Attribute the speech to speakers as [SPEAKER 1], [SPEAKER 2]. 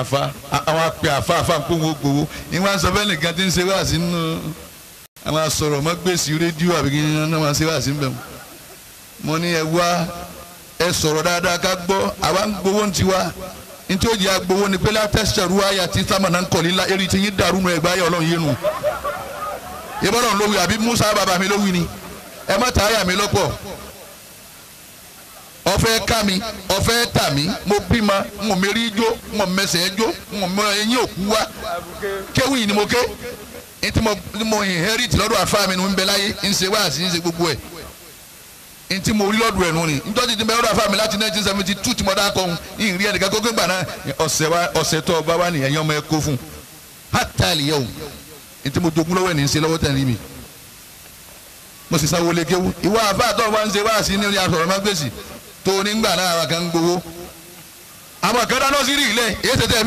[SPEAKER 1] àfa àwọn apẹ àfa àfa ń pòun ògbówó ní wọn sọ fẹ́ẹ́ nìkan tí ń ṣe wá sí nínú àwọn asọ̀rọ̀ mọ́ gbèsè rédíò àbí kí wọ́n máa ṣe wá sí bẹ́ẹ̀ mo ní ẹ wá ẹ sọ̀rọ̀ dáadáa ká gbọ́ àwa ń gbowó ní tiwa ntí ó jẹ́ agbowó ni pé látẹ́sítẹ̀ ruwaya ti sámánà ń kọ̀lí ńlá eré ti yín dàrú nù ẹ̀gbá yẹ ọlọ́run yé nu ìbọ̀dọ̀ lówì àbí Musa bàbá mi lówì ni ẹ má ta mi lọ́pọ̀ ọ̀fẹ́ ká mi ọ̀fẹ́ tà mí mo bímọ mo mérí jó mo mẹsẹ̀ jó mo mọ eyín òkú wá kéwì ni mo ké ní tí mo inherit lọ́dọ̀ àfa mi ní bẹ láyé ń ṣe wá àti ń ṣe gbogbo ẹ̀ ní tí mo rí lọ́dọ̀ ẹ̀ nù ni nítorí ti bẹ lọ́dọ̀ àfa mi láti 1972 tí mo dá kọ́ ń ìrí ẹnìkan kókó gbà náà ọ̀sẹ̀ wa ọ̀sẹ̀ tó ọba wa nìyẹn ọmọ ẹ kó fún hátà lè o ní tí mo jogún lọ́wọ́ ẹ̀ ní ń ṣe lọ́wọ́ tẹ̀lé mi mo sì sanwó lé kéwú ìwọ àfa àtọ̀ wa ń ṣe wá àti ní
[SPEAKER 2] tó nígbà náà àwọn kan gbowó àwọn kan dáná sí rí ilẹ̀ èyí tètè